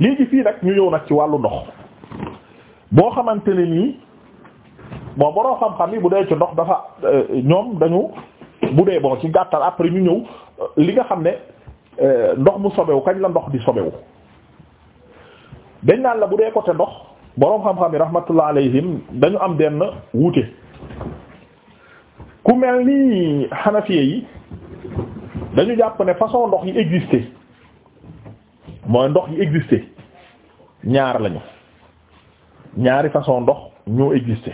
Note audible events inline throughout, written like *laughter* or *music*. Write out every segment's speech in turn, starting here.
léegi fii nag ñu ñëw nag ci wàllu ndox boo xamante ne nii moo boroo xam-xam yi bu dee ci ndox dafa euh, ñoom dañu bu dee bon ci gàttal après ñu ñëw euh, li nga xam ne euh, ndox mu sobewu kañ la ndox di sobewu dañ naan la bu dee côté ndox boroom xam-xam yi rahmatullah alayhim dañu am benn wuute ku mel ni xanafiye yi dañu jàpp ne façon ndox yi existé mooy ndox yi existé ñaar lañu ñaari façon ndox ñoo existé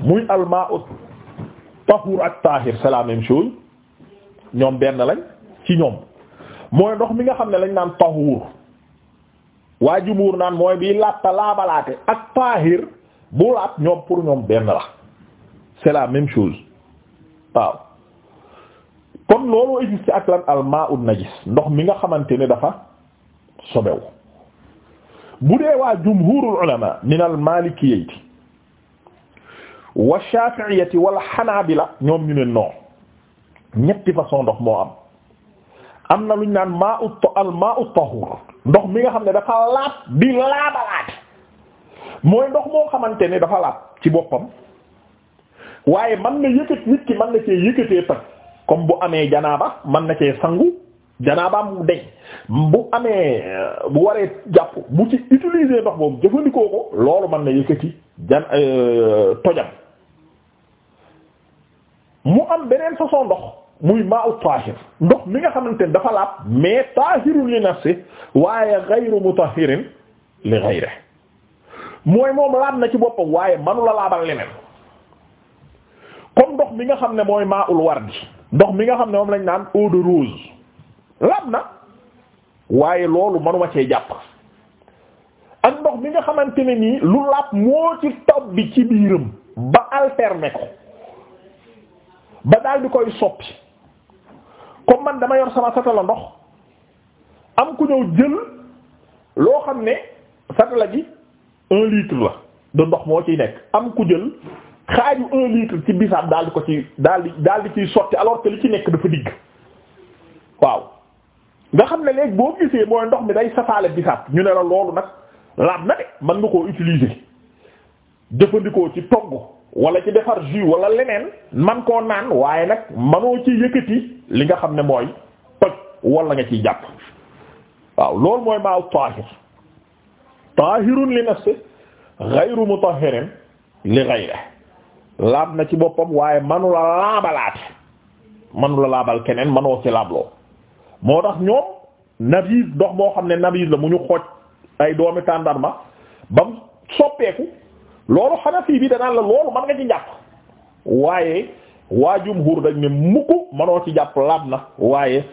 muy almaa'u tahur ak tahir c'est la même chose ñoom benn lañ ci ñoom mooy ndox mi nga xam ne lañ naan tahur waa jumuur naan mooy bii latta laabalaate ak tahir bu laat ñoom pour ñoom benn la c'est la même chose waaw kon loolu existé ak lan almaa'u najis ndox mi nga xamante ne dafa sobewu bu dee waa jumhurul ulama min al malikiyyati wa shafi'iyyati wal hanabila ñoom ñu ne non ñetti façon ndox moo am am na lu ñu naan maa ut al maa ut tahur ndox mi nga xam ne dafa laab di laabalaate mooy ndox moo xamante ni dafa laab ci boppam waaye man na yëkkat nit ki man na cee yëkkatee tag comme bu amee janaaba man na cee sangu janaabaam mu deñ bu amee bu waree jàpp bu ci utiliser ndox boobu jëfandikoo ko loolu mën na yëkkati jan euh, tojam mu am beneen façon ndox muy ma'u tahir ndox mi nga xamante ne dafa laab mais tahirun li nafsi waaye ghayru mutahhirin li ghayrihi mooy moom laab na ci boppam waaye manula laabal leneen comme ndox mi nga xam ne mooy ma'ul wardi ndox mi nga xam ne moom lañ naan eau de rose laab na waaye loolu man wàccee jàpp ak ndox mi nga xamante ne nii lu laab moo ci tob bi ci biiram ba alterner ko ba daal di koy soppi comme man dama yor sama satala ndox am ku ñëw jël loo xam ne satala ji un litre la de ndox moo ciy nekk am ku jël xaaju un litre ci bisaab daal di ko ci dal di daal di ciy sotti alors que li ci nekk dafa digg waaw nga xam ne léegi boo gisee mooy ndox mi day safaale bisaab ñu ne la loolu nag laab na de mën nga koo utiliser jëfandikoo ci togg walla ci defar jus walla leneen man koo naan waaye nag manoo ci yëkkati li nga xam ne mooy toj walla nga ci jàpp waaw loolu mooy maaw taahir taahirun li nafsi ghayru mutahhirin li ghayri laab na ci boppam waaye manula laabalaate manula laabal keneen manoo ci laabloo moo tax ñoom nabiz ndox moo xam ne nabiz la mu ñu xooj ay doomi tàndarma ba mu soppeeku loolu Hanafi bi danaan la loolu mën nga ci jàpp waaye waa jumhur dañ ne mukk manoo ci jàpp laab na waaye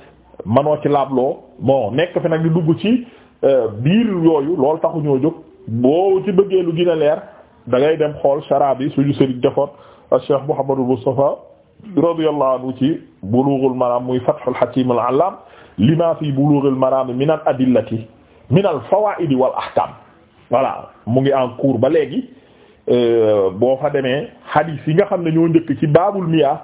manoo ci laabloo bon nekk fi nag di dugg ci euh, biir yooyu lool taxu ñoo jóg boo ci bëggee lu gën a leer da ngay dem xool sharaab yi suñu sëriñ defoon Cheikh Mouhamadou Moustapha radiyallahu anhu ci Bulughul Maram muy Fathul Hakim al-Allam lima fi bulughil marami min al adillati min al fawaidi wal ahkam voilà mu ngi en cours ba léegi euh, boo fa demee xadi yi nga xam ne ñoo njëkk ci baabul miyaa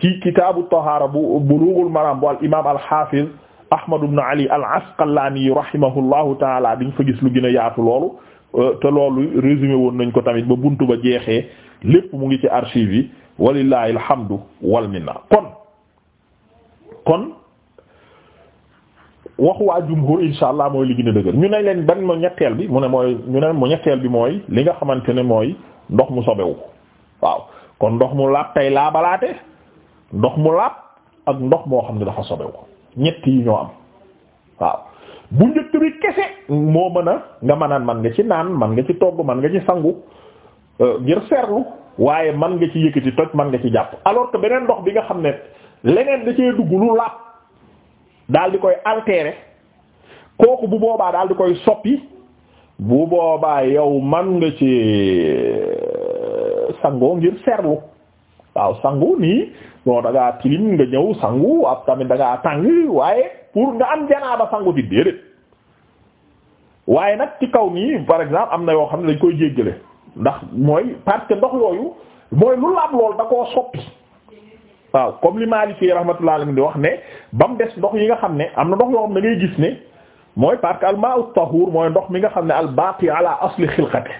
ci kitaabu tahaara bu bulughul maram bu al imam al hafiz ahmad ibn ali al asqalani rahimahullahu taala diñ fa gis lu gën a loolu euh, te loolu résumé woon nañ ko tamit ba buntu ba jeexe lépp mu ngi ci archive yi walillahi alhamdu wal minna kon kon waxu waa jumhur insha allah mooy li na a dëgër ñu ne leen ban mo ñetteel bi mu ne mooy ñu ne mu ñetteel bi mooy li nga xamante ne mooy ndox mu sobewu waaw kon ndox mu laab tey laabalaate ndox mu laab ak ndox moo xam ne dafa sobewu ñett yi ñoo am waaw bu njëkk bi kese moo mën a nga manaan man nga ci naan man nga ci togg man nga ci sangu euh, ngir seerlu waaye man nga ci yëkkati toj man nga ci jàpp alors que beneen ndox bi nga xam ne leneen da cee dugg daal di koy altérer kooku bu boobaa daal di koy soppi bu boobaa yow man nga ci euh, sangoo ngir seerlu waaw sangu nii bon da ngaa tilim nga ñëw sangu ab tamit da ngaa waaye pour nga am janaaba sangu di déedéet waaye nag ci kaw nii par exemple am na yoo xam ne dañ koy jéggale ndax mooy parce que ndox yooyu mooy lu laab lool da koo soppi waaw comme li Maliki rahmatullahi alayhi di wax ne ba mu des ndox yi nga xam ne am na ndox yoo xam ne ngay gis ne mooy parce que al mooy ndox mi nga xam ne al baqi ala asli xilqati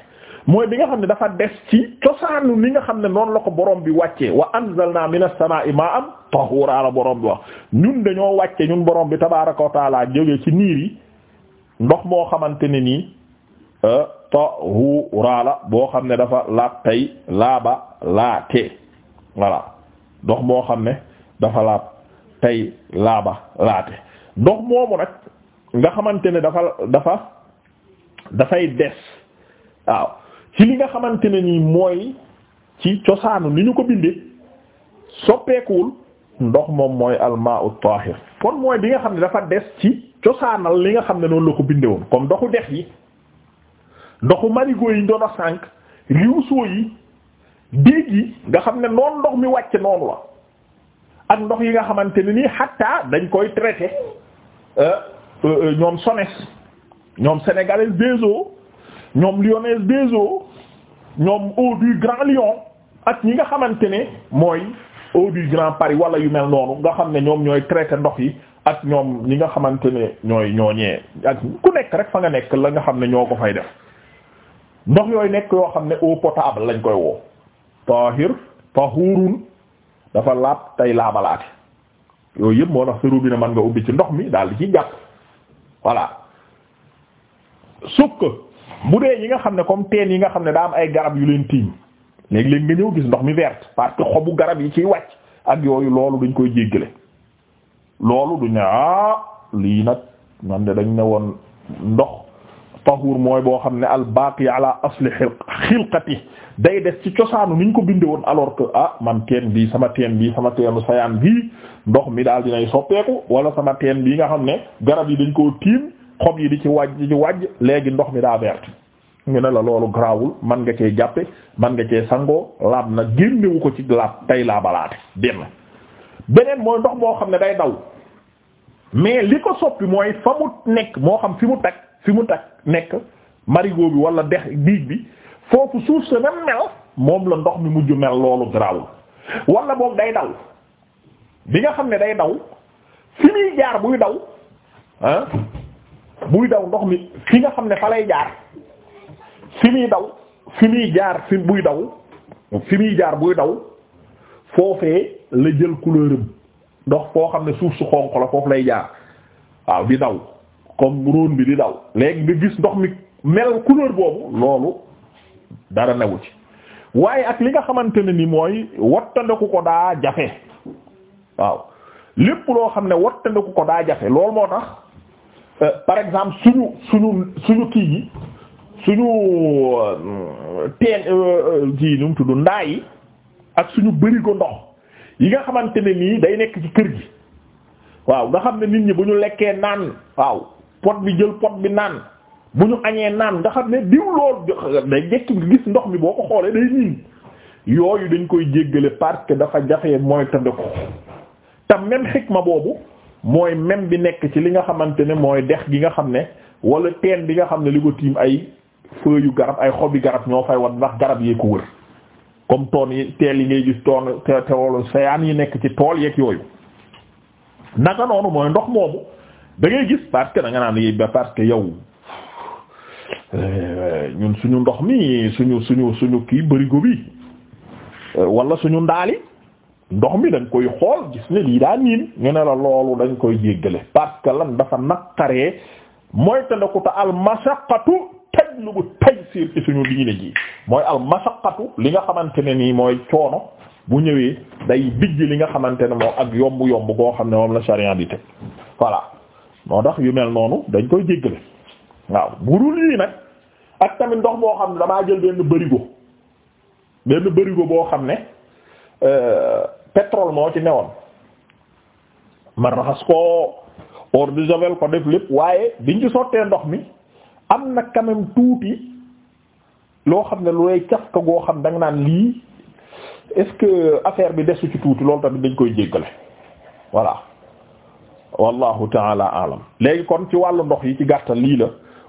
mooy bi nga xam ne dafa des ci cosaanu li nga xam ne noonu la ko borom bi wàccee wa anzalna minas samaa'i am tahura la borom bi wax ñun dañoo wàcce ñun borom bi tabaaraka wa ta'aala jóge ci niir yi ndox moo xamante ne nii euh, tahura la boo xam ne dafa laab tey laaba laate voilà. ndox moo xam ne dafa laab tey laaba laate ndox moomu nag nga xamante ne dafa dafa dafay des waaw ci li nga xamante ne nii mooy ci cosaanu ni ñu ko bindee soppeekuwul ndox moom mooy almaa'u tahir kon mooy bi nga xam ne dafa des ci cosaanal li nga xam ne noonu la ko bindee woon comme doxu dex yi ndoxu marigot yi ñu a sànq riwsoo yi déeg yi nga xam ne noonu ndox mi wàcc noonu la ak ndox yi nga xamante ne nii xatta dañ koy traité euh, euh, euh, ñoom SONES ñoom sénégalaise des eaux ñoom lyonnaise des eaux ñoom eau du Grand Lyon ak ñi nga xamante ne mooy eau du Grand Paris wala yu mel noonu nga xam ne ñoom ñooy traité ndox yi ak ñoom ñi nga xamante ne ñooy ñooñee ak ku nekk rek fa nga nekk la nga xam ne ñoo ko fay def ndox yooyu nekk yoo xam ne eau potable lañ koy woo tahir tahurun dafa laab tey laabalaate yooyu yëpp moo tax sa robinet man nga ubbi ci ndox mi daal di ci jàpp voilà sukk bu dee yi nga xam ne comme teen yi nga xam ne daa am ay garab yu leen tiim léegi-léegi nga ñëw gis ndox mi verte parce que xobu garab yi ciy wàcc ak yooyu loolu duñ koy jéggale loolu duñ ne ah lii nag man de dañ ne woon ndox tahuur mooy boo xam ne al baaqi ala asli xilqati day des ci cosaanu niñ ko binde woon alors que ah man teen bi sama teen bi sama teenu sayaan bii ndox mi daal dinay soppeeku wala sama teen bii nga xam ne garab yi dañ koo tiim xob yi di ci wàjj di ci wàjj léegi ndox mi daa verte ñu ne la loolu garaawul man nga cee jàppe man nga cee sangoo laab na génnewu ko ci laab tay laabalaate benn beneen mooy ndox moo xam ne day daw mais li ko soppi mooy fa mu nekk moo xam fi fi mu takk nekk marigot bi wala dex diig bi foofu suuf sa même mel moom la ndox mi mujj mel loolu grawul walla boog day daw bi nga xam ne day daw fi muy jaar buy daw ah buy ndox mi fi nga xam ne fa lay jaar fi muy daw fi muy jaar fi buy daw fi muy jaar buy daw foofee la jël couleur ndox foo xam ne suuf su xonq la foofu lay jaar waaw di daw comme róon bi di daw léegi nga gis ndox mi mel couleur boobu loolu dara newu ci waaye ak li nga xamante ne ni mooy wattandeku ko daa jafe waaw lépp loo xam ne wattandeku ko daa jafe loolu moo tax euh, par exemple suñu suñu suñu kii yi suñu euh, teen ji euh, nu mu tudd ndaa yi ak suñu bërigo ndox yi nga xamante ne nii day nekk ci kër gi waaw nga xam ne nit ñi bu ñu lekkee naan waaw pot bi jël pot bi naan bu ñu añee naan nga xam ne diw loolu day jekki gis ndox mi boo ko xoolee day niin yooyu dañ koy jéggale parce que dafa jafee mooy tënd ko te même xikma boobu mooy même bi nekk ci li nga xamante ne mooy dex gi nga xam ne wala teen bi nga xam ne li ko tiim ay feuilles yu garab ay xobi garab ñoo fay wat ndax garab yee ko wër comme toon yi teel yi ngay gis toon teewlu sayaan yi nekk ci tool yeeg yooyu naka noonu mooy ndox moomu da ngay gis parce que da nga naan ba parce que yow ñun suñu ndox mi suñu suñu suñu kii bërigo bi wala suñu ndaali ndox mi dañ koy xool gis ne lii daa niin ñu ne la loolu dañ koy jéggale parce que lan dafa naqaree mooy te ndekuta al mashaqqatu tajlubu taysir ci suñu diine ji mooy al mashaqqatu li nga xamante ne nii mooy coono bu ñëwee day bijj li nga xamante ne moom ak yomb yomb koo xam ne moom la sharia di teg voilà moo tax yu mel noonu dañ koy jéggale waaw burul yii nag ak tamit ndox boo xam ne damaa jël benn bërigo benn bërigo boo xam ne euh, pétrole moo ci newoon ma raxas ko eau ko def lépp waaye biñ ci sottee ndox mi am na quand même tuuti loo xam ne lu lay caf ka goo xam da nga naan lii est-ce que affaire bi desu ci tuuti loolu tamit dañ koy jéggale voilà wallahu taala alam léegi kon ci wàllu ndox yi ci gàttal lii la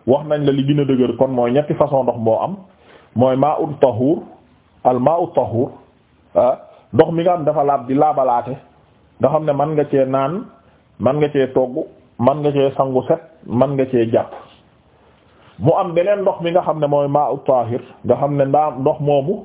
wax nañ la li gën a dëgër kon mooy ñetti façon ndox moo am mooy ma'u tahur al ma'u tahur ah, ndox mi nga am dafa laab di laabalaate nga xam ne man nga cee naan man nga cee togg man nga cee sangu set man nga cee jàpp mu am beneen ndox mi nga xam ne mooy ma'u tahir nga xam ne ndaa ndox moomu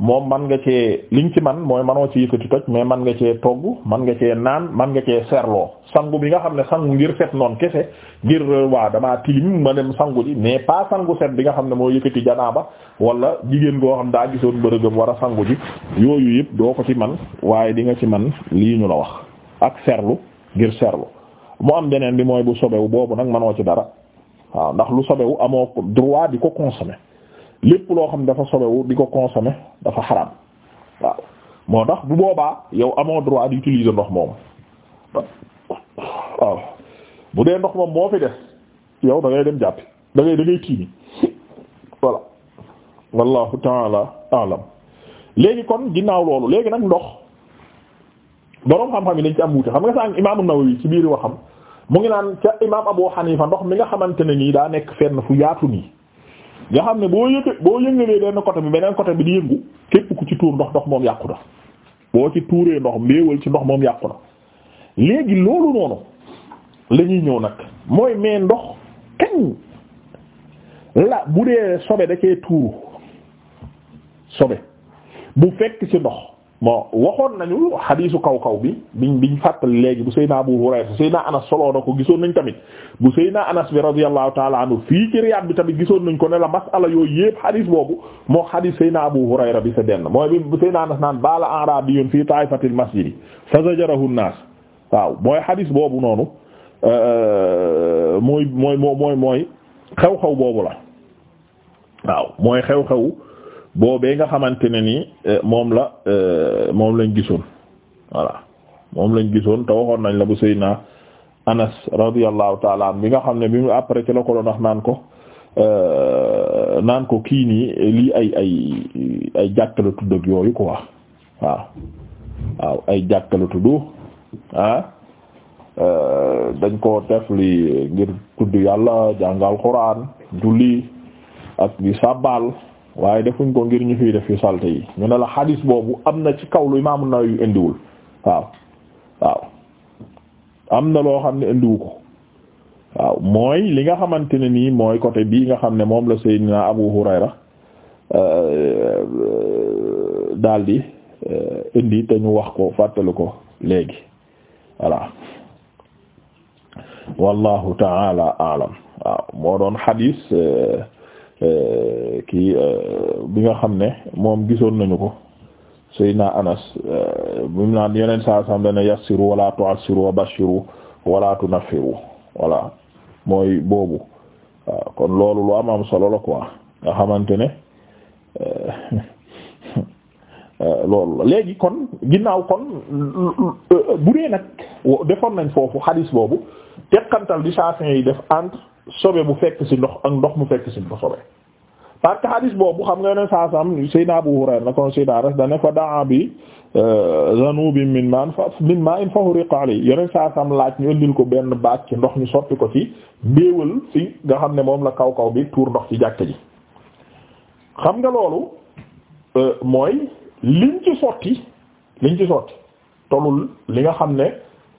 moom man nga cee li liñ ci man mooy manoo ci yëkkati toj mais man nga cee togg man nga cee naan man nga cee seerloo sangu bi nga xam ne sangu ngir set noonu kese ngir euh, waa damaa tilim ma dem sangu ji mais pas sangu set bi nga xam ne moo yëkkati janaaba wala jigéen boo xam daa gisoon bërëgam war a sangu ji yooyu yëpp doo ko ci man waaye di nga ci man lii ñu la wax ak serlu ngir serlu mu am beneen bi mooy bu sobewu boobu nag manoo ci dara waaw ndax lu sobewu amoo droit di ko consommer lépp loo xam ne dafa sobewu di ko consommer dafa xaram waaw moo tax bu boobaa yow amoo droit d'utiliser ndox moom waaw bu dee ndox moom moo fi des yow da ngay dem jàppi da ngay da ngay tiimi voilà wallahu taala alam léegi kon ginnaaw loolu léegi nag ndox boroom xam-xam yi dañ ci am wuute xam nga sànq imaam an-Nawawi ci biir waxam mu ngi naan ca imaam Abu Hanifa ndox mi nga xamante ne nii daa nekk fenn fu yaatu nii nga xam ne boo yëg boo yëngalee na côté bi beneen côté bi di yëngu képp ku ci tuur ndox ndox moom yàqu na boo ci tuuree ndox mbéewal ci ndox moom yàqu na léegi loolu noonu la ñuy ñëw nag mooy mais ndox kañ la bu dee sobe da cee tuuru sobe bu fekk ci ndox bon waxoon nañu xadiisu kaw kaw bi bi biñ biñ fàttali léegi bu Seydina Abu Hurayra Seydina Anas soloo na ko gisoon nañ tamit bu Seydina Anas bi radiyallahu taala anhu fii ci Riyad bi tamit gisoon nañ ko ne la masala yooyu yëpp xadiis boobu moo xadiis Seydina Abu Hurayra bi sa benn mooy bi bu Seydina Anas naan baala arabiyyun fii taifatil masjidi fa zajarahu an-nas waaw mooy xadiis boobu noonu euh, mooy mooy mooy mooy xew-xew boobu la waaw mooy xew-xew boobee nga xamante ne ni eh, moom la eh, moom lañ gisoon voilà moom lañ gisoon te waxoon nañ la bu Seydina Anas radiyallahu taala an bi nga xam ne bi mu après ci la ko doon wax naan ko eh, naan ko kii nii lii ay ay ay jàkk la tudd ak yooyu quoi waaw waaw ay jàkk la tudd ah. dañ ko def li ngir tudd yàlla jàngal Alxuraan julli ak di sabbal waaye defuñ ko ngir ñu fiy def yu salte yi ñu ne la xadiis boobu am na ci kaw lu na yu indiwul waaw waaw am na loo xam ne indiwu ko waaw mooy li nga xamante ne nii mooy côté bii nga xam ne moom la Seydina Abu Hurayra euh, euh, daldi euh, indi te ñu wax ko fàttalu ko léegi voilà wallahu taala alam waaw moo doon xadiis Euh, kii euh, bi nga xam ne moom gisoon nañu ko Seydina Anas euh, bi mu naan yeneen saa sam dana yassiru wala tu'assiru wa bashiru wala tunaffiru voilà mooy boobu kon loolu lu am am solo la quoi xamante ne *laughs* loolu léegi kon ginnaaw kon bu dee defoon nañ foofu xalis boobu teqantal bi Shafi'i yi def entre sobe bu fekk ci ndox ak ndox mu fekk ci bu sobe parce que boobu xam nga ne saa sam Seydina Abu Hurayra na kon Seydina Anas dane daa bi euh, zanubin min man fa min ma in fahuriqa alay yeneen saa sam laaj ñu ëndil ko benn baag ci ndox ñu sotti ko ci mbéewal ci nga xam ne moom la kaw kaw bi tuur ndox ci jàkk ji xam nga loolu euh, mooy liñ ci sotti liñ ci sotti tolul li nga xam ne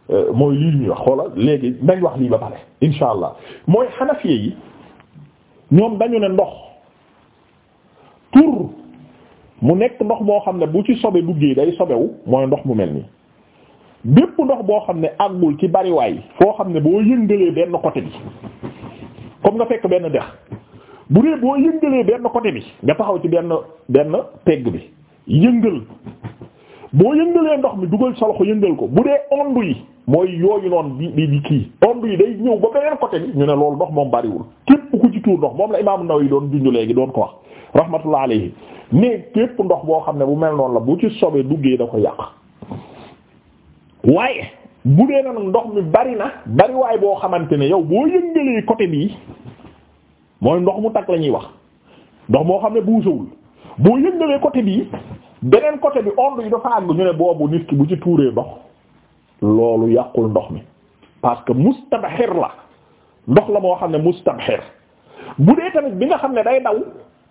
Euh, mooy lii ñuy wax xoolal léegi nañ wax lii ba pare insha allah mooy xanafiye yi ñoom dañu ne ndox tur mu nekk ndox moo xam ne bu ci sobe duggee day sobewu mooy ndox mu mel nii bépp ndox boo xam ne àggul ci bariwaay foo xam ne boo yëngalee benn côté bi comme nga fekk benn dex bu dee boo yëngalee benn côté bi nga taxaw ci benn benn pegg bi yëngal boo yëngalee ndox mi dugal sa loxo yëngal ko bu dee ondu yi mooy yooyu noonu di di di kii ombre yi day ñëw ba beneen côté bi ñu ne loolu ndox moom bariwul képp ku ci tuur ndox moom la imaam Nawawi doon junj léegi doon ko wax rahmatullah alayhi ne képp ndox boo xam ne bu mel noonu la bu ci sobee duggee da ko yàq waaye bu dee nag bari na bari boo xamante ne yow boo côté bii mooy ndox mu tag ñuy wax ndox moo xam ne buusawul boo yëngalee côté bii beneen côté bi onde yi dafa àgg ñu ne boobu nit ki bu ci tuuree ndox loolu yàqul ndox mi parce que mustabxir la ndox la moo xam ne mustabxir bu dee tamit bi nga xam ne day daw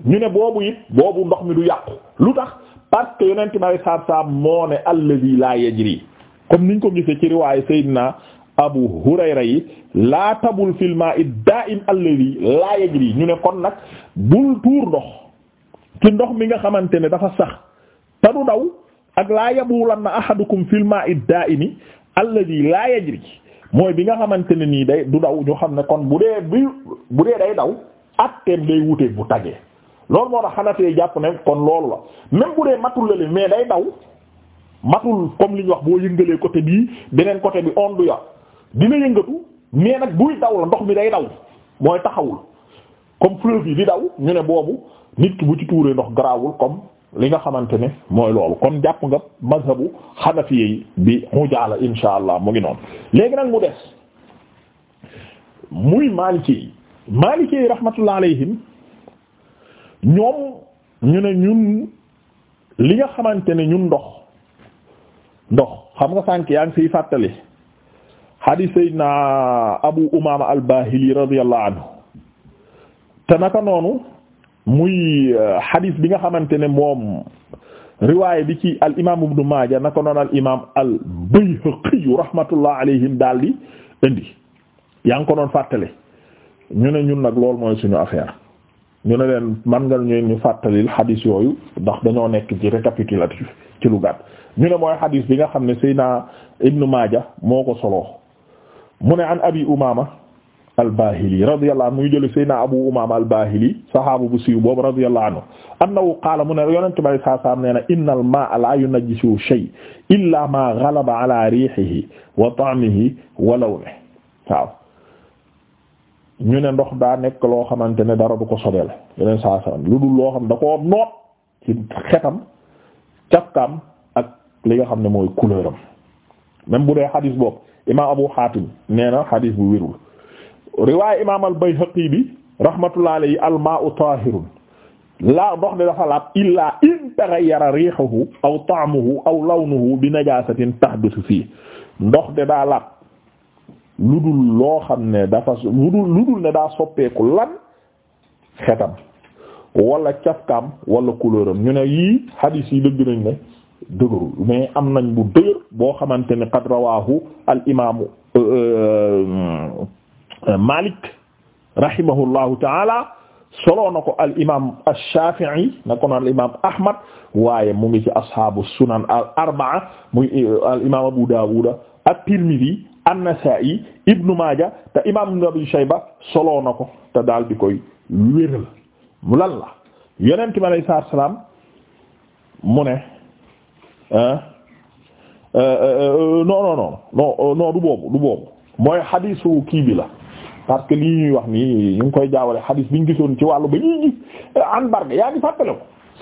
ñu ne boobu it boobu ndox mi du yàqu lu tax parce que yonent ma saab saab moo ne alladhi la yajri comme niñ ko gisee ci riwaayu Seydina Abu Hurayra yi laa tabul fil ma'i da'im alladhi la yajri ñu ne kon nag bul tuur ndox ci ndox mi nga xamante ne dafa sax te du daw ak laa yabulanna ahadukum fil ma'i da'imi alladi laa yajri mooy bi nga xamante ne nii day du daw ñu xam ne kon bu dee bi bu dee day daw atteem day wuteeg bu tagee loolu moo tax xanatee jàpp ne kon loolu la même bu dee matul la mais day daw matul comme li ñu wax boo yëngalee côté bii beneen côté bi ondu ya dina yëngatu mais nag buy daw la ndox mi day daw mooy taxawul comme fleuve yi di daw ñu ne boobu nit ki bu ci tuuree ndox garaawul comme li nga xamante ne mooy loolu kon jàpp nga mazhabu xanafiye yi bi mujaala insha allah mu ngi noonu léegi nag mu des muy maliki yi maliki yi ñoom ñu ne ñun li nga xamante ne ñun ndox ndox xam nga sànk yaa ngi fiy fàttali hadith na abu umama al-bahili radiyallahu anhu te naka noonu muy hadith euh, bi nga xamante ne moom riwaay bi ci al imaam ibnu maaja na ko noon al imaam al bayhaqi rahmatullah alayhim daal di indi yaa ngi ko noon fàttale ñu ne ñun nag loolu mooy suñu affaire ñu ne leen man nga ñu ñu fàttalil hadith yooyu ndax dañoo nekk ci récapitulatif ci lu gàtt ñu ne mooy hadith bi nga xam ne Seydina ibnu maaja moo ko soloo mu ne an abi umaama al-Bahili radiyallahu anhu muy Abu Umaama al-Bahili saxaabu bu siiw boobu radiyallahu anhu annahu qaala mu ne yonent bi saa saa na innal maa'a laa yunajjisuhu ne ndox daa nekk loo xamante ne dara du ko sobeel yeneen saa saa lu dul loo xam da koo xetam cafkaam ak li xam ne mooy couleur am bu dee xadiis boobu imaam Abu Haatim nee na bu wérul riwaay imaam al-Bayhaqi bi rahmatullahi alayhi al-maa'u taahirun laa ndox de dafa laab illaa in taghayyara riihuhu aw ta'muhu aw lawnuhu bi najaasatin tahdusu fii ndox de daa laab lu dul loo xam ne dafa lu dul ne daa soppeeku lan xetam wala cafkaam wala couleuram ñu ne yii hadis yi dëgg nañ ne dëgërul mais am nañ bu dëgër boo xamante ne qad rawaahu al imaamu euh, euh, Euh, Malik rahimahullahu taala soloo na al imaam ash-Shafi'i na ko waaye mu ngi ci ashaabu sunan al arbaa muy euh, Abu Dawud at-Tirmidhi an-Nasa'i Ibn Maaja te imaam Ibn Shayba soloo na ko te daal di koy mu lan la yonent bi salaam mu ne euh, non non non non mooy hadiisu kii parce que lii ñuy wax nii ñu ngi koy jaawale xadis bi ñu gisoon ci wàllu ba ñuy gis eh, an barga yaa ngi fàttale *laughs*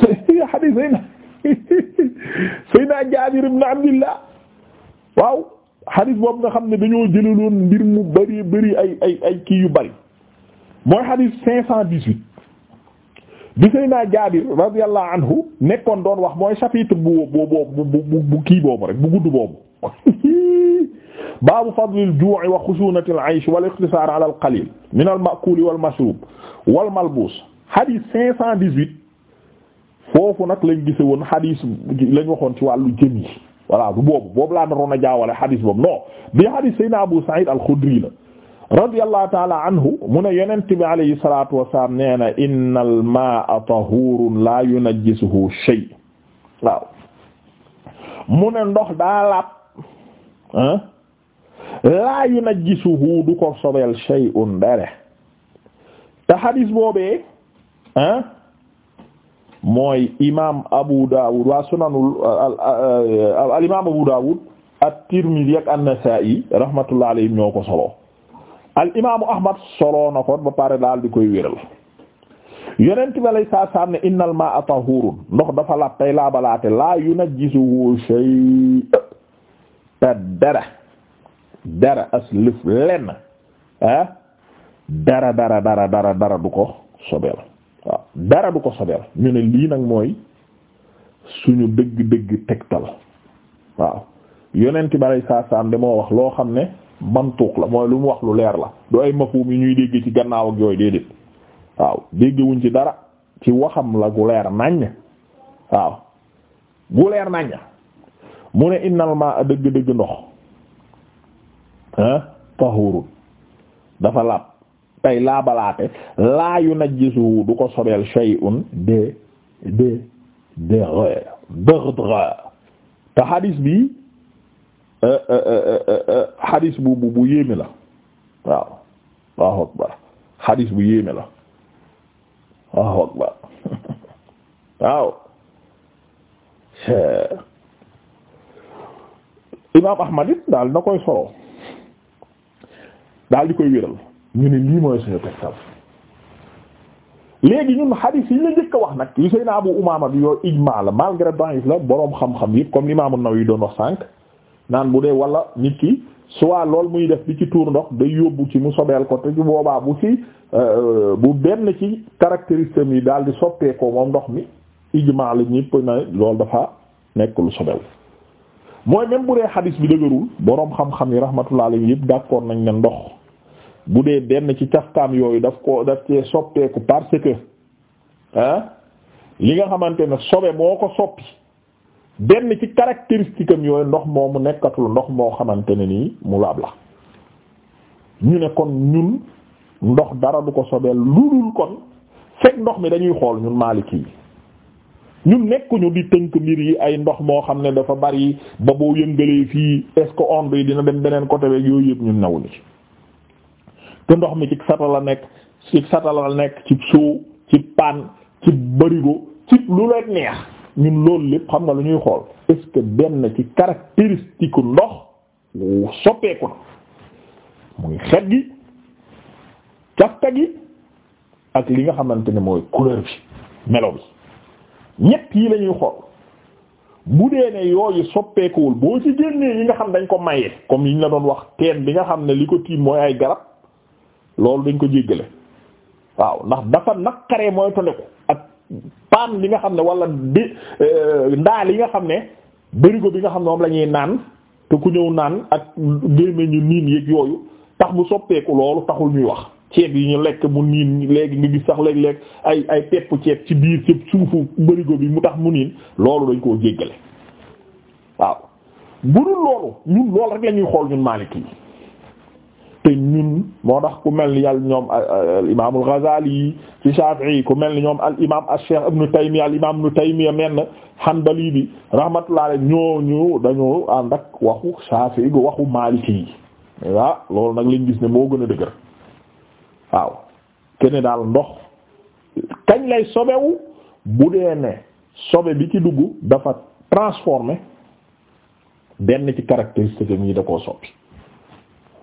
ko xadis Seydina *laughs* Seydina Jaabir ibn Abdillah waaw xadis boobu nga xam ne dañoo jëlaloon mbir mu bari bari ay ay kii yu bari mooy xadis cinq cent dix-huit bi Seydina Jaabir radiyallahu anhu nekkoon doon wax mooy sapit bu bu bu bu bu kii boobu rek bu gudd boobu *laughs* baabu fadlil juu'i wa xusuunatil ayshi wal iqtisaar alal qaliil minal ma'kuuli wal mashruub wal malbuus hadith 518 foofu nag lañ gise woon hadith lañ waxoon ci wàllu jëm yi voilà du boobu boobu laa naroon a jaawale hadith boobu non bi hadith Seydina Abu Saïd al-Khudri la radiyallahu ta'ala anhu mu ne yonent bi alayhi salaatu wa salaam nee na innal maa'a tahuurun laa yunajjisuhu shay waaw mu ne ndox daa laab laa yunajjisuhu du ko sobeel shay'un dara te hadis boobee ah mooy imaam Abu Dawud waa sunanul al imaam Abu Dawud at-Tirmidhi ak an-Nasa'i rahmatullahi alayhim ñoo ko solo al imaamu Ahmad solo na ko ba pare daal di koy wéral yonent bi lay ne innal maa'a tahuurun ndox dafa laab tey laabalaate laa yunajjisuhu shay' dara. dara as lëf lenn ah, dara dara dara du ko sobeel waaw dara du ko sobeel ñu ne lii nag mooy suñu dëgg-dëgg tegtal waaw yonent bi alay saa saam moo wax loo xam ne mantuuk la mooy lu mu wax lu leer la du ay mafum yi ñuy dégg ci gannaaw ak yooyu déedéet waaw déggewuñ ci dara ci waxam la gu leer naññ waaw gu leer naññ mu ne innal ma dëgg-dëgg ndox ah tahurun dafa laab tey laabalaate laa yunajjisuhu du ko sobeel shay'un de de dere derdre te hadis bi eh, eh, eh, hadis bu bu bu yéeme la waaw Allahu *laughs* Ahmad it daal na koy solo daal di koy wéral ñu ne lii mooy suñu tegtal léegi ñun xadiis yi la njëkk wax nag yu Seydina Abu Umaama yooyu ijmaa la malgré da'if la boroom xam-xam yi comme Imaam An-Nawawi doon wax sànq naan bu dee wala nit ki soit lool muy def bi ci tuur ndox day yóbbu ci mu sobeel ko te boobaa bu ci euh, bu benn ci caractéristique yi daal di soppeekoo moom ndox mi ijmaa la ñëpp na loolu dafa nekk lu sobeel mooy même bu dee xadiis bi dëgërul boroom xam-xam yi rahmatullahi alayhi yëpp d'accord nañ ne ndox. bu dee benn ci cafkaam yooyu daf ko daf ce soppeeku parce que ah li nga xamante ne sobe moo ko soppi benn ci caractéristique am yooyu ndox moomu nekkatul ndox moo xamante ne nii mu laab la ñu ne kon ñun ndox dara du ko sobeel ludul kon fekk ndox mi dañuy xool ñun Maliki yi ñun nekkuñu di tënk mbir yi ay ndox moo xam ne dafa bari ba boo yëngalee fii est-ce que onde yi dina dem beneen côté beeg yooyu yëpp ñun nawuñu ci te ndox mi ci sata la nekk ci sata la nekk ci soow ci paan ci barigo ci lu leen neex ñun loolu lépp xam nga lu ñuy xool est-ce que benn ci caractéristique ndox soppeeku na muy xet gi cafka gi ak li nga xamante ni mooy couleur bi melo bi ñett yi la ñuy xool bu dee ne yooyu soppeekuwul boo ci génnee li nga xam dañ ko maye comme li ñu la doon wax teen bi nga xam ne li ko tiim mooy ay garab loolu dañ ko jéggale waaw ndax dafa naqaree mooy tondeku ak paan li nga xam ne wala di euh, ndaa yi nga xam ne bërigo bi nga xam ne moom lañuy naan te ku ñëw naan ak gémmiñ ñu niin yëg yooyu tax mu soppeeku loolu taxul ñuy wax ceeb yi ñu lekk mu niin léegi nga gis sax léeg-léeg ay ay pepp ceeb ci biir ci suufu bërigo bi mu tax mu niin loolu dañ koo jéggale waaw bu dul loolu ñun loolu rek la xool ñun Maliki yi te ñun moo tax ku mel ni yàlla ñoom al imaam Ghazali ci Shafi'i ku mel ni ñoom al imaam al Cheikh Ibn Taymiyya al imaam Ibn Taymiyya menn Hanbali bi rahmatullah ñooñu dañoo ànd ak waxu Shafi'i bu waxu Maliki yi waaw loolu nag lañ gis ne moo gën a dëgër waaw kenn daal ndox kañ lay sobewu bu dee ne sobe bi ci dugg dafa transformer benn ci caractéristique yi da koo soppi.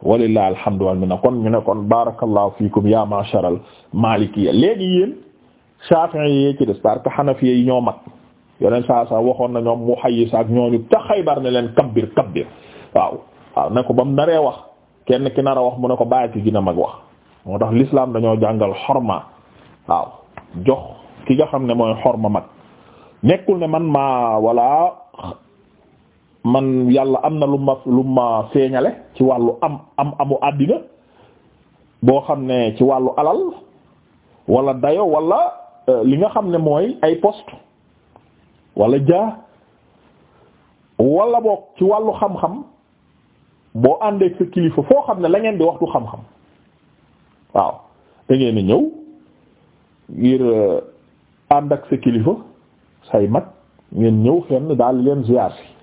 walillahi alhamdu wal minna kon ñu ne kon barakallahu fiikum ya masharal malikiyya léegi yéen shafi'i yee ci des parce que hanafiya yi ñoo mag yoo saa saa waxoon na ñoom Muhayyis ak ñooñu ta Xaybar ne leen kabbir kabbir waaw waaw ne ko ba mu naree wax kenn ki nar a wax mu ne ko bàyyi ci gën a mag wax moo tax l'islam dañoo jàngal xorma waaw jox ki nga xam ne mooy xorma mag nekkul ne man maa wala man yàlla am na lu ma lu ma feeñale ci wàllu am am amu àddina boo xam ne ci wàllu alal wala dayo walla euh, li nga xam ne mooy ay poste wala jaa wala boog ci wàllu xam-xam boo àndeek sa kilifa foo xam ne la ngeen di waxtu xam-xam waaw da ngeen ñëw ngir euh, ànd ak sa kilifa say mag ngeen ñëw fenn daal leen ziar si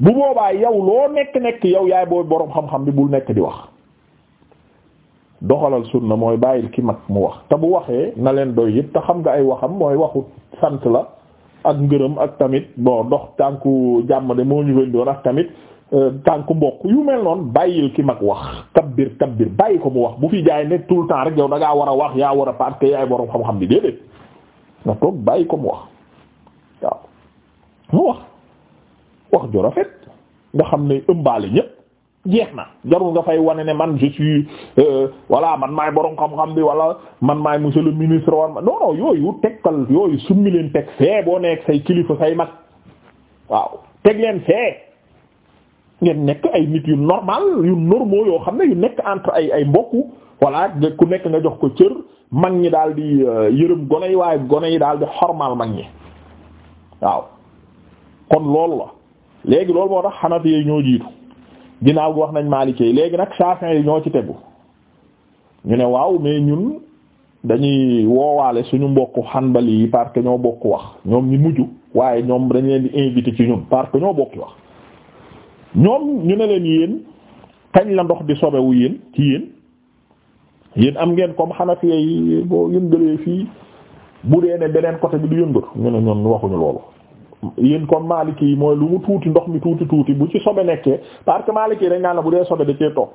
bu boobaa yow loo nekk nekk yow yaay booy boroom xam-xam bi bul nekk di wax doxalal na mooy bàyyil ki mag mu wax te bu waxee na leen doy yëpp te xam nga ay waxam mooy waxu sant la ak ngërëm ak tamit bon dox tànku jàmm de moo ñu wëñ doon ak tamit euh, tànku mbokk yu mel noonu bàyyil ki mag wax biir tabbir tabbir bàyyi ko mu wax bu fi jaay ne tout le temps rek yow da ngaa war a wax yaa war a parce yaay boroom xam-xam bi déedéet nga toog bàyyi ko mu wax wax ju rafet nga xam ne ëmbaale ñëpp jeex na jarul nga fay wane ne man je suis euh, voilà man maay borom xam-xam bi wala man maay monsieur le ministre war ma yooyu tegtal yooyu summi leen teg fee boo nekk say kilifa say mag waaw teg leen fee ngeen nekk ay nit yu normal yu normaux yoo xam ne yu nekk entre ay ay mbokku voilà ku nekk nga jox ko cër mag ñi daal di euh, yërëm gone yi waaye gone yi daal di xormaal mag ñi waaw kon loolu la. léegi loolu moo tax xanafi yi ñoo jiitu ginnaaw gi wax nañ maalikee yi léegi nag Shafi'i yi ñoo ci tegu ñu ne waaw mais ñun dañuy woowaale suñu mbokku xanbali yi parce que ñoo bokk wax ñoom ñi mujj waaye ñoom dañ leen di invité ci ñun parce que ñoo bokki wax ñoom ñu ne leen yéen kañ la ndox di sobewu yéen ci yéen yéen am ngeen comme xanafi yi boo yëngalee fii bu dee ne beneen côté bi du yëngatu ñu ne ñoom waxuñu loolu yéen comme Maliki yi mooy lu mu tuuti ndox mi tuuti tuuti bu ci sobe nekkee parce que Maliki yi dañ naan la bu dee sobe da cee toog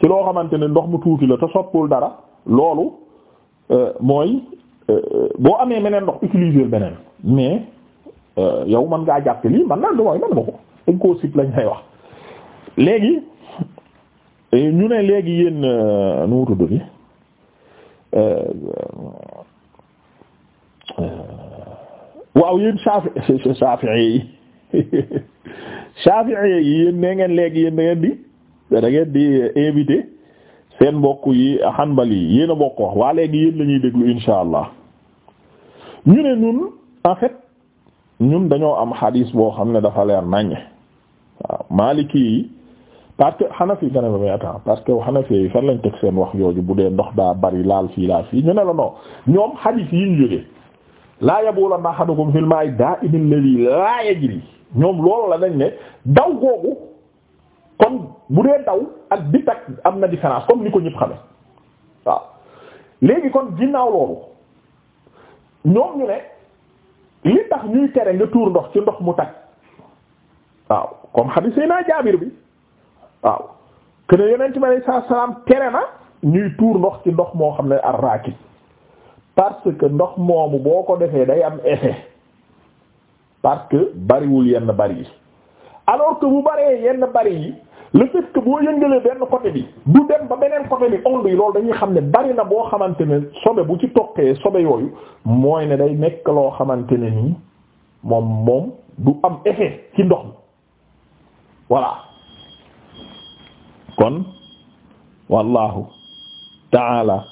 ci loo xamante ne ndox mu tuuti la te soppul dara loolu euh, mooy euh, euh, boo amee meneen ndox utiliser beneen mais yow man ngaa jàpp lii man naan du mooy man ko dañ koo lañ koy wax léegi ñu ne léegi yéen nu mu tudd nii waaw yéen Shafi'i Shafi'i yi Shafi'i yi yéen nee ngeen léegi yéen da ngeen di da ngeen di invité seen mbokk yi Hanbali yi yéen a bokk wax waa léegi yéen la ñuy déglu insha allah ñu ne ñun en fait dañoo am xadiis boo xam ne dafa leer naññe waaw Maliki yi parce que Hanafi nga ne ma yi fan lañ teg seen wax jooju bu dee ndox daa bari laal fii laal fii ñu ne la non ñoom xadiis yi ñu jógee. laa yabulanna ahadukum fil ma'i da'imi alladhi laa yajri ñoom loolu la dañ ne daw googu kon bu dee daw ak bi tak am na différence comme ni ko ñëpp xame waaw léegi kon ginnaaw loolu ñoom ñu ne li tax ñuy tere nga tuur ndox ci ndox mu tag waaw comme xadis say naa jaabir bi waaw kene yeneen bi alei salaam tere na ñuy tuur ndox ci ndox moo xam ne ar raakib parce que ndox moomu boo ko defee day am effet parce que bariwul yenn bari yi alors que bu baree yenn bari yi le fait que boo yëngalee benn côté du dem ba beneen côté bi onde yi loolu dañuy xam ne bari na boo xamante ne sobe bu ci toqee sobe yooyu mooy ne day nekk loo xamante ne nii moom moom du am effet ci ndox mi voilà kon wallahu taala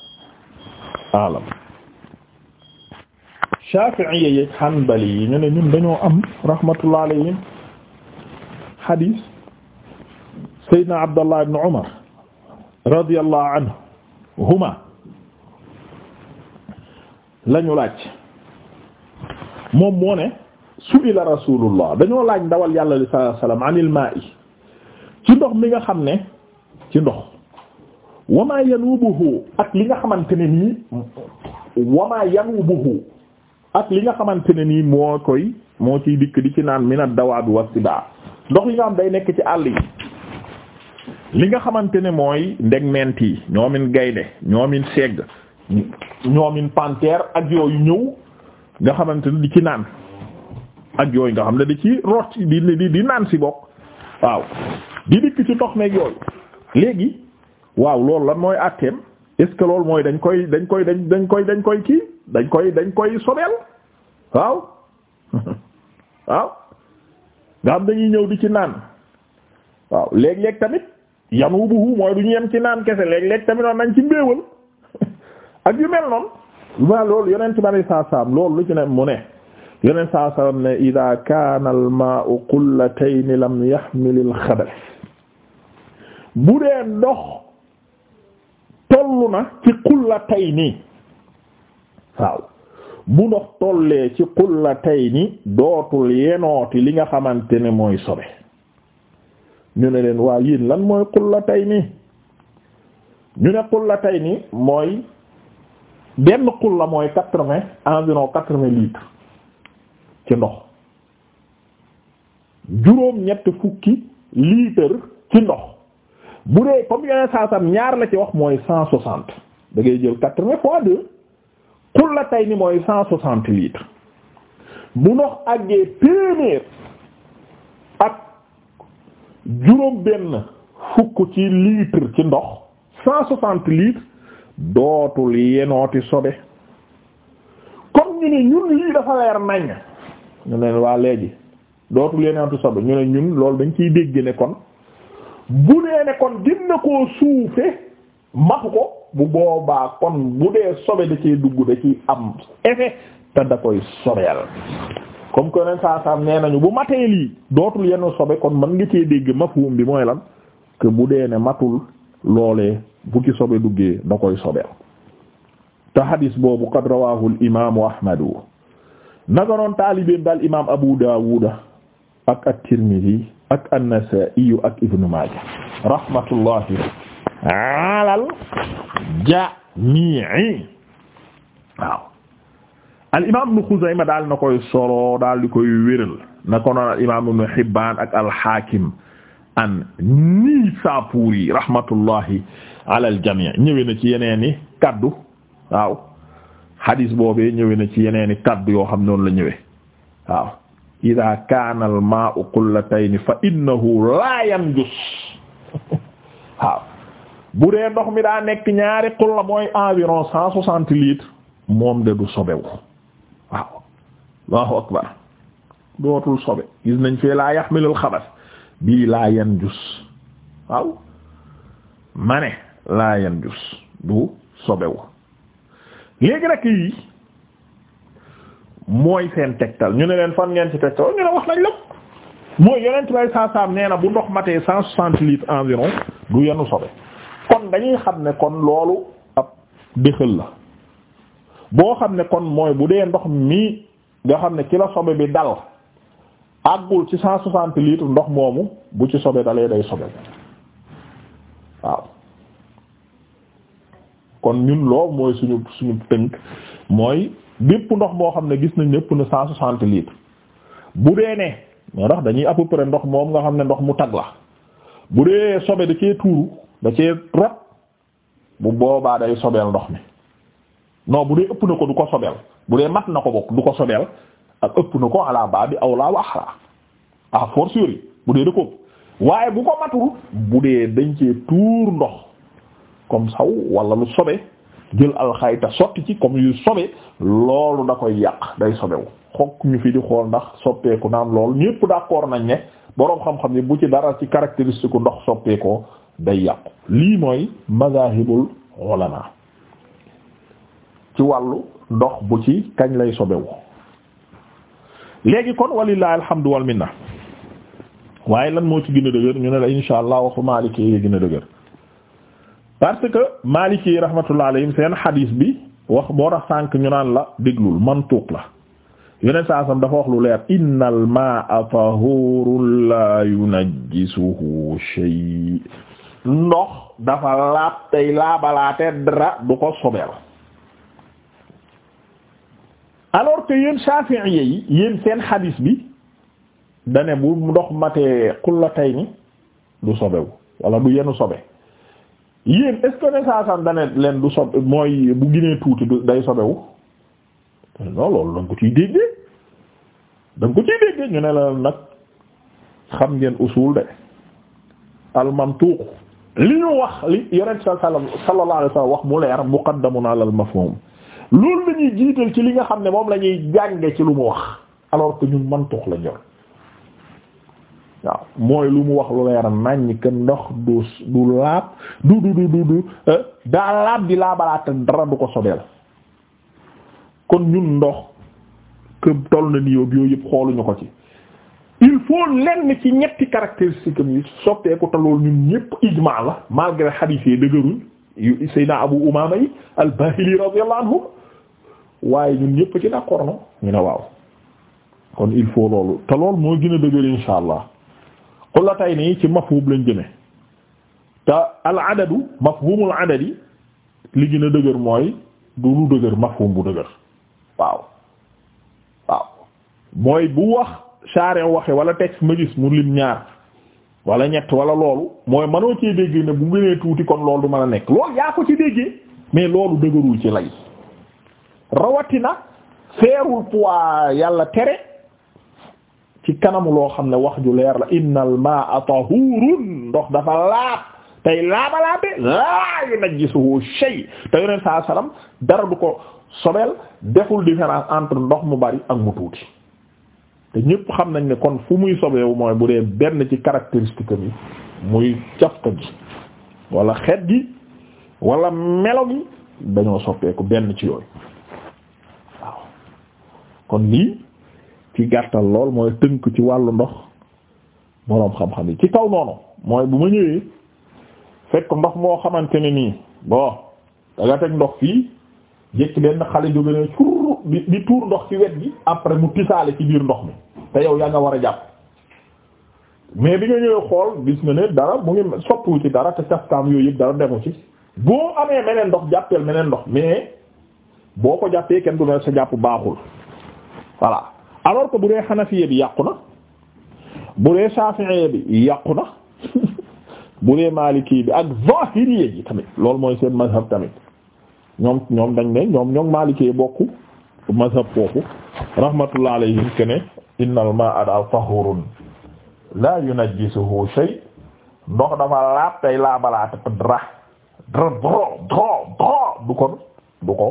alam Shafi'i yeeg Hanbali yi ñu ne ñun dañoo am rahmatullah alayhim hadith Seydina Abdallah ibn Umar radiyallahu anhu huma lañu laaj moom moo ne su'ila rasulullah dañoo laaj ndawal yàlla li sallallahu alayhi wasallam anil ma'i ci ndox mi nga xam ne ci ndox wama yanubuhu ak li nga xamante ne nii wama yanubuhu ak li nga xamante ne nii moo koy moo ciy dikk di ci naan mina dawaa bi was si ndox yi nga xam day nekk ci àll yi li nga xamante ne mooy ndegment yi ñoomin gaynde ñoomin segg ñoomin panthère ak yooyu ñëw nga xamante ni di ci naan ak yooyu nga xam ne di ci root di di di naan si bokk waaw di dikk ci ndox meeg yooyu léegi waaw loolu lan mooy àtteem est que loolu mooy dañ koy dañ koy dañ dañ koy dañ koy kii dañ koy dañ koy sobeel waaw *laughs* waaw nga am dañuy ñëw di ci naan waaw léeg-léeg tamit yanu buhu mooy du ñu yem ci naan kese léeg-léeg tamit noonu nañ ci mbéewal *laughs* ak yu mel noonu waaw loolu yonent bi alay saa saam loolu lu ci ne mu ne yonent saa saam ne ida kaana al maa'u lam yaxmil al bu dee ndox tollu na ci qullatayn waaw bu ndox tollee ci qullatayni dootul yenooti li nga xamante ne mooy sobe ñu ne leen waa yéen lan mooy la qullatayni ñu ne ni mooy benn la mooy quatre-vingts environ quatre-vingts litres ci ndox juróom ñett fukki litres ci ndox bu dee comme yeneen saa sam ñaar la ci wax mooy cent soixante da ngay jël quatre-vingts fois deux la tey ni mooy cent soixante litres bu ndox àggee téeméer ak juróom benn fukk ci litre ci ndox cent soixante litres dootul yenooti sobe comme ñu ne ñun lii dafa leer nañ ñu ne waa léegi dootul yenooti sobe ñu ne ñun loolu dañ ciy dégg ne kon bu nee ne kon koo suufe maxu ko bu boobaa kon bu dee sobe da cee dugg da ci am effet te da koy sobeel comme que ren saa nee nañu bu matee lii dootul yenn sobe kon mën nga cee dégg mafhum bi mooy lan que bu dee ne matul loolee bu ci sobe duggee da koy sobeel te hadis boobu qad rawahu al imaamu ahmadu naka noonu taalibeen daal imaam abu daawuda ak at-tirmidhi ak an-nasa'i ak ibnu maaja rahmatullahi alal jamii al imaam ibnu Xuzayma daal na koy solo daal di koy wéral na ko noon al imaam ibnu Hibbaan ak al Haakim an Nisaapuri rahmatullahi ala al jamii na ci yeneeni kaddu waaw hadis boobee na ci yeneeni kaddu yoo xam noonu la ñëwee waaw ida kaana al maa'u qullatayn fa innahu yanjus *laughs* bu dee ndox mi daa nekk ñaari xul la mooy environ cent soixante litres moom de du sobewu waaw allahu akbar dootul sobe gis nañ fee laa yaxmilul xabas bii laa yan jus waaw ma laa yan jus du sobewu léegi nag yi mooy seen tegtal ñu ne leen fan ngeen ci tegtal ñu ne wax nañ la mooy yeneen ci lay saa saam nee na bu ndox matee cent soixante litres environ du yenu sobe kon dañuy xam ne kon loolu ab déxal la boo xam ne kon mooy bu dee ndox mi nga xam ne ci la sobe bi dal àggul ci cent soixante litres ndox moomu bu ci sobe dalee day sobe waaw kon ñun loolu mooy suñu suñu tënk mooy bépp ndox moo xam ne gis nañ ñëpp na cent soixante litres bu dee ne moo tax dañuy à peu près ndox moom nga xam ne ndox mu tag la bu dee sobe da cee tuuru da cee rot bu boobaa day sobeel ndox mi non bu dee ëpp na ko du ko sobeel bu dee mat na ko bokk du ko sobeel ak ëpp na ko ala baa bi awlaa wa axra à fortiori bu dee da ko waaye bu ko matul bu dee dañ cee tuur ndox comme saw walla lu sobe jël alxayta sotti ci comme yu sobe loolu da koy yàq day sobewu xokk ñu fi di xool ndax soppeeku naam loolu ñépp d'accord nañ ne boroom xam-xam ni bu ci dara ci caractéristique ndox soppeekoo day yàqu lii mooy mazahibul ulama ci wàllu ndox bu ci kañ lay sobewu léegi kon walillahi alhamdu wal waaye lan moo ci gën a dëgër ñu ne la insha allah waxu maliki yi gën a dëgër parce que maliki yi rahmatullah seen xadiis bi wax moo tax sànk ñu naan la déglul mantuq la yeneen saa sam dafa wax lu leer innal ma'a tahurun la yunajjisuhu shay ndox dafa laab tey laabalaate dara du ko sobeel alors que yéen Shafi'iyya yi yéen seen xadiis bi dane bu ndox matee qullatayni du sobewu wala du yenu sobe yéen est ne saa dane leen du sobe mooy bu ginee tuuti day sobewu non loolu da ko ciy déggee da ko ciy déggee ñu ne la nag xam ngeen usul de almantuuq li ñu wax li yonent sallallahu alayhi wasallam wax mu leer muqaddamun ala al mafhum loolu la jiital ci li nga xam ne moom lañuy ñuy jànge ci lu mu wax alors que ñun mantuux la waaw mooy lu mu wax lu leer nañ que ndox du du laab du du du du du euh, daa laab di laabalaate dara du ko sobeel kon ñun ndox que toll na nii yooyu yëpp xooluñu ko ci. foo lenn ci ñetti caractéristiques yi soppeeku te loolu ñun ñëpp ijmaa la malgré xadiis dëgëruñ yu Abu Umaama yi al-Baahili radiyallahu waaye ñun ñëpp ci d'accord no ñu ne waaw kon il faut loolu te loolu moo gën a dëgër insha allah xulla tay nii ci mafhum lañ jëme te al adadu mafhumul adadi li gën a dëgër mooy du lu dëgër mafhum bu dëgër waaw waaw mooy bu wax sharin waxe wala texte ma gis mu lim ñaar wala ñett wala loolu mooy mënoo cee déggee ne bu gënee tuuti kon loolu du mën a nekk loolu yaa ko ci déggee mais loolu dëgërul ci lay na feerul poids yàlla tere ci kanamu loo xam ne wax ju leer la innal ma'a tahurun ndox dafa laab tey laabalaabe laa yunajjisuhu shay te yoneen saa salam dara du ko sobel deful différence entre ndox mu bari ak mu tuuti te ñëpp xam nañ ne kon fu muy sobeewu mooy bu dee benn ci caractéristique bi muy cafka gi wala xet gi wala melo gi dañoo soppeeku benn ci yooyu waaw kon lii ci gàttal lool mooy tënk ci wàllu ndox boroom xam-xam yi ci kaw noonu mooy bu ma ñëwee fekk ndox moo xamante ne nii bon da teg ndox fii jëkk benn xale jóge ne cur di tuur ndox ci wet gi après mu tisaale ci biir ndox mi te yow yaa nga war a jàpp mais bi nga ñëwee xool gis nga ne dara mu ngi soppiwu ci dara te cafkaam yooyu yëpp dara demu ci boo amee meneen ndox jàppeel meneen ndox mais boo ko jàppee kenn du ne sa jàpp baaxul voilà alors que bu dee xanafiye bi yàqu na bu dee saafiye bi yàqu na *laughs* bu dee maliki bi ak zahiriye yi tamit loolu mooy seen mazhab tamit ñoom ñoom dañ ne ñoom ñoom maliki bokku mazhab foofu rahmatullah alayhim kene innal ma'a daal tahurun la yunajjisuhu shay ndox dafa laab tey laabalaate ko dra du ko du ko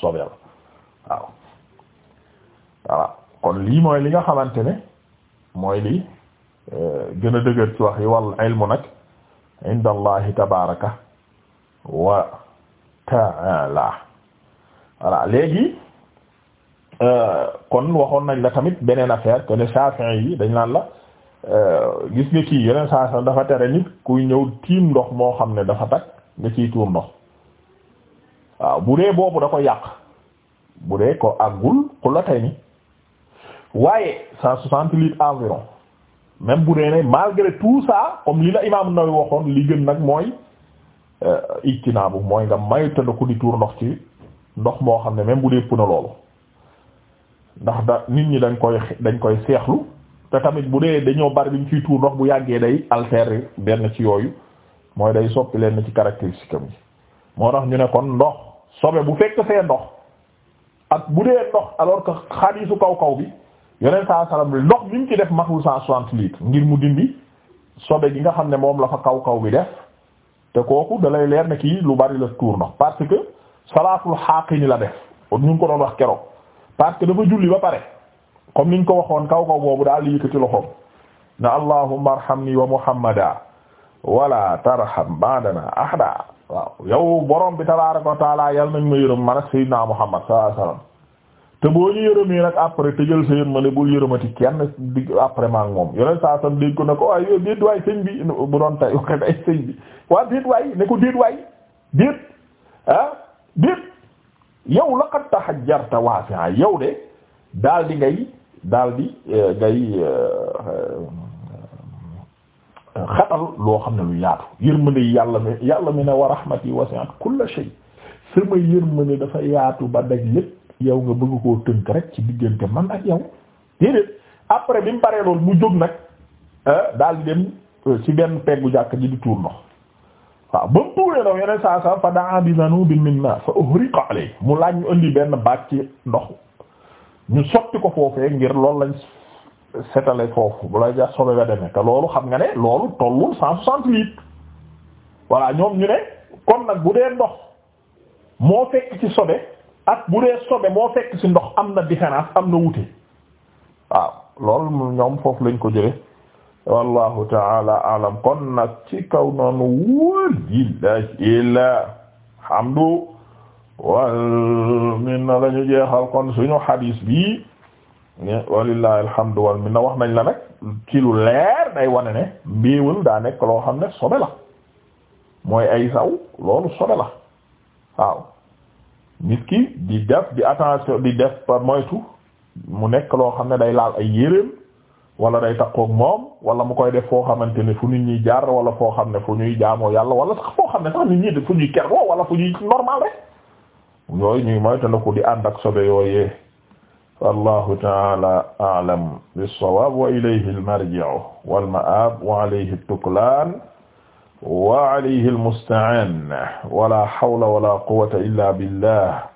sobeel waaw voilà kon lii mooy li nga xamante ne mooy lii eh, gën a dëgër ci wax yi wal ilmu nag léegi Euh, kon waxoon nañ la tamit beneen affaire que ne Shafi'i yi dañ naan la euh, gis nga kii yeneen saa dafa tere nit kuy ñëw tiim ndox moo xam ne dafa tag nga ciy tuur ndox waaw bu dee boobu da ko yàq bu dee ko àggul ku la tey ni waaye cent soixante litres environ même bu dee ne malgré tout ça comme li la imaam Nawawi waxoon li gën nag mooy euh, ictinaabu mooy nga maytana ku di tuur ndox ci ndox moo xam ne même bu dee puna loolu ndax da nit ñi dañ koy dañ koy seexlu te tamit bu dee dañoo bari dañ fiy tuur ndox bu yàggee day altérer benn ci yooyu mooy day soppi leen ci caractéristique am yi moo tax ñu ne kon ndox sobe bu fekk see ndox ak bu dee ndox alors que xadiisu kaw kaw bi yeneen saa salam bi ndox mi mu ci def matul cent soixante litres ngir mu dindi sobe gi nga xam ne moom la fa kaw bi def te kooku da leer ne kii lu bari la tuur ndox parce que salaatul xaaqini la def ñu ngi ko doon wax keroog. parce que dafa julli ba pare comme ni ñu ko waxoon kaw kaw boobu daal yëkkati loxoom na allahumma arhamni wa muhammada wala tarham ba'dana ahada waaw yow borom bi tabaaraka wa taala yal nañ ma yërëm man ak sayyidina muhammad sallallahu alayhi wasallam te boo ñu yërëmee nag après tëjal sa yërmande bul yërëmati kenn di après maa moom yeneen saa tam dégg ko ne ko waaye déet waay sëñ bi bu doon tey waxe day sëñ déet ah déet yow la tahajjarta wasi'a yow de daal di ngay daal di eh, ngay eh, eh, xatal loo xam ne lu yaatu yërmande yàlla mi yàlla mi ne wa rahmati wasi'at kulla shay sama yërmande dafa yaatu ba daj lépp yow nga bëgg koo tënk rek ci diggante man ak yow déedéet après bi mu paree loolu mu jóg nag daal di dem ci benn peggu jàkk ji di tuur ndox waaw ba mu tuuree ndox yeneen saa saa fa daa bi zanubin min ma fa uhriqa alay mu laaj ñu indi benn baat ci ndox ñu sotti ko foofee ngir loolu lañ setale foofu bu la ja sobe ba demee te loolu xam nga ne loolu tollul cent soixante litres voilà ñoom ñu ne kon nag bu dee ndox moo fekk ci sobe ak bu dee sobe moo fekk ci ndox am na différence am na wuute waaw loolu ñoom foofu lañ ko jëlee. wallahu taala alam kon nag ci kaw noonu walillahil hamdu wal minna la ñu jeexal kon suñu hadis bi walillahil hamdu wal minna wax nañ la nag ci leer day wane ne mbiiwul daa nekk loo xam ne sobe mooy ay saw loolu sobe la waaw ki di def di attention di def par moytu mu nekk loo xam ne day laal ay yéreem wala day takkoog moom wala mu koy def foo xamante ne fu nit ñi jaar wala foo xam ne fu ñuy jaamoo yàlla wala sax foo xam ne sax nit ñi def fu ñuy keroo wala fu ñuy normal rek yooyu ñuy moytandiku di ànd ak sobe yooyee wallahu taala aalam bissawab wa ilayhi almarji'u wal ma'ab wa alayhi at-tuklan wa alayhi almusta'an wala hawla wala quwwata illa billah